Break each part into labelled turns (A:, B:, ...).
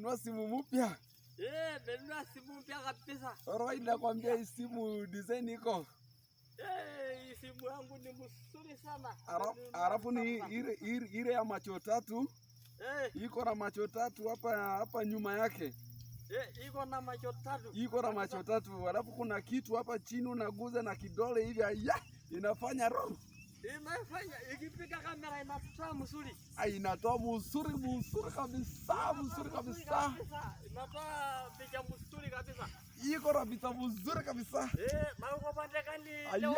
A: nimenunua simu mpya?
B: Eh, nimenunua simu mpya kabisa.
A: Roy, nakwambia hii simu design iko.
B: Eh, hii simu yangu ni mzuri sana.
A: Alafu ni ile ile ya macho tatu. Eh. Iko na macho tatu hapa hapa nyuma yake.
B: Eh, iko na macho tatu.
A: Iko na macho tatu. Alafu kuna kitu hapa chini unaguza na kidole hivi, ya inafanya roho.
B: Inafanya ikipiga kama inatoa mzuri.
A: Ah, inatoa mzuri mzuri kabisa, mzuri kabisa.
B: Inatoa picha mzuri kabisa.
A: Iko na picha mzuri kabisa.
B: Eh, maana upande gani?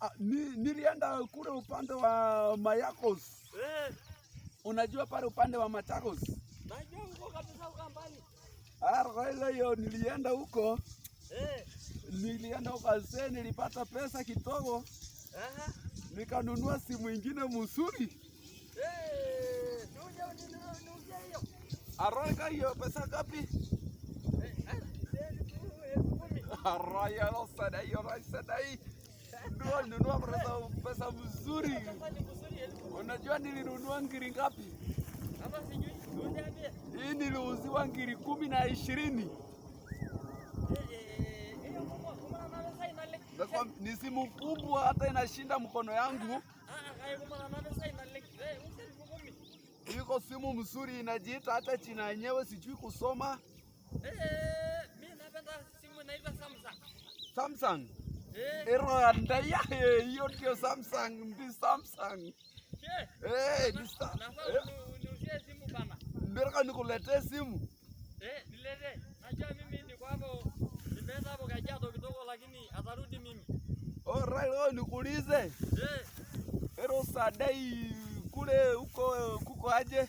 A: Ah, ni Nilienda kule upande wa Mayakos. Eh. Unajua pale upande wa Matakos?
B: Najua huko kabisa huko mbali.
A: ukambani. Ah, Ara hiyo nilienda huko. Eh. Nilienda huko, nilipata pesa kidogo. Aha nikanunua simu ingine mzuri araka hiyo pesa ngapi? Eh, eh, arayalosadaiyorasadai nunua pesa mzuri. Unajua nilinunua ngiri ngapi? Hii niliuziwa ngiri kumi na ishirini. ni simu kubwa, hata inashinda mkono yangu. Iko simu mzuri, inajiita hata china yenyewe, sijui kusoma.
B: Mimi napenda simu inaitwa Samsung. Samsung eh.
A: ero ndaya eh, hiyo, ndio Samsung, ndi Samsung eh. mbirika, nikuletee simu Jamani, leo nikuulize eh. Hero Sadai kule huko kuko aje?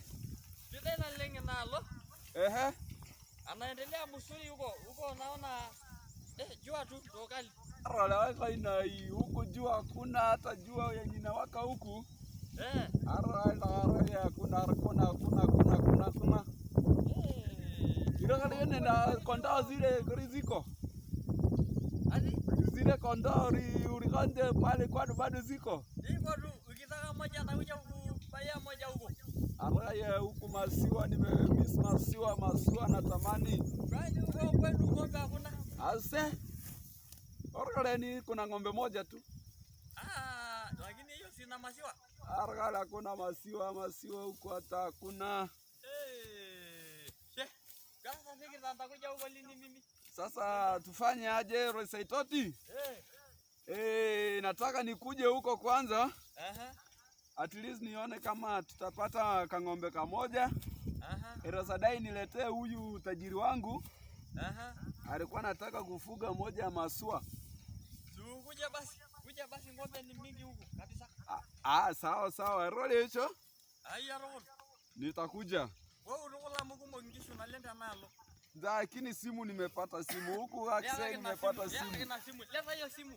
B: Jida ina lenga nalo. Ehe. Anaendelea msuri huko. Huko naona eh, jua tu ndo kali.
A: Aralawaka ina huko jua kuna hata jua yenye inawaka huku. Eh. Aralawaka hakuna hakuna hakuna hakuna hakuna. Eh. Ila kale nenda kondaa zile ziko zile kondoo ulikonje pale kwani bado ziko?
B: Ziko tu, ukitaka moja atakuja kubaya moja huko.
A: Alaye huku masiwa nimemiss masiwa masiwa natamani.
B: Bali huko kwenu ng'ombe hakuna.
A: Ase. Orgaleni kuna ng'ombe moja tu.
B: Ah, lakini hiyo sina masiwa.
A: Argala kuna masiwa masiwa huko hata kuna.
B: Eh. Hey. She. Sasa fikiri nitakuja huko lini mimi?
A: Sasa tufanye aje Eh, Hey. Eh, e, nataka nikuje huko kwanza. uh -huh. At least nione kama tutapata kang'ombe kamoja. uh -huh. Erosadai niletee huyu tajiri wangu.
B: uh -huh.
A: Alikuwa nataka kufuga moja ya maswa.
B: Kuja basi, kuja basi, ng'ombe ni mingi huko kabisa.
A: Ah, sawa sawa, role hicho.
B: Haya role.
A: Nitakuja.
B: Wewe unakula Mungu mwingisho unalenda nalo
A: lakini simu nimepata simu huku akse nimepata
B: simu. Leva hiyo simu.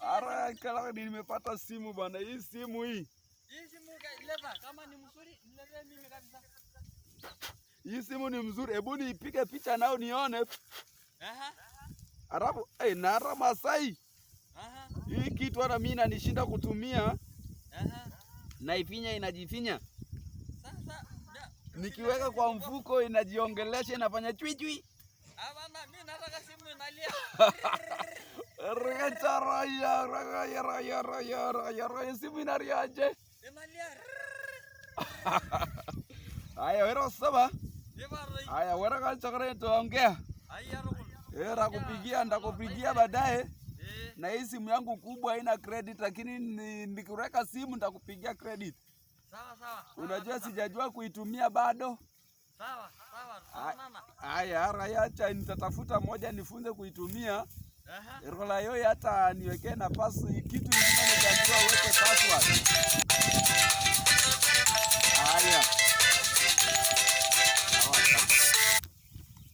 A: Ara kala nimepata simu bana, hii simu hii.
B: Hii simu leva kama ni mzuri nilelee mimi kabisa.
A: Hii simu ni mzuri, hebu nipige picha nao nione. Aha. Arabu, eh, na ara Masai. Aha. Hii kitu ana mimi nanishinda kutumia. Aha. Naifinya inajifinya nikiweka kwa mfuko inajiongelesha, inafanya mimi
B: nataka Simu
A: inariaje? Aya wera saba. Aya wera kachakara tuongea. Era kupigia ndakupigia baadaye. Eh. Na hii simu yangu kubwa haina credit, lakini nikiweka simu ndakupigia credit sawa, sawa. Unajua sijajua kuitumia bado.
B: Sawa, sawa.
A: Haya, acha nitatafuta moja nifunze kuitumia. Aha. Rola yoyo hata niwekee na pasi kitu ingine nitajua weke password.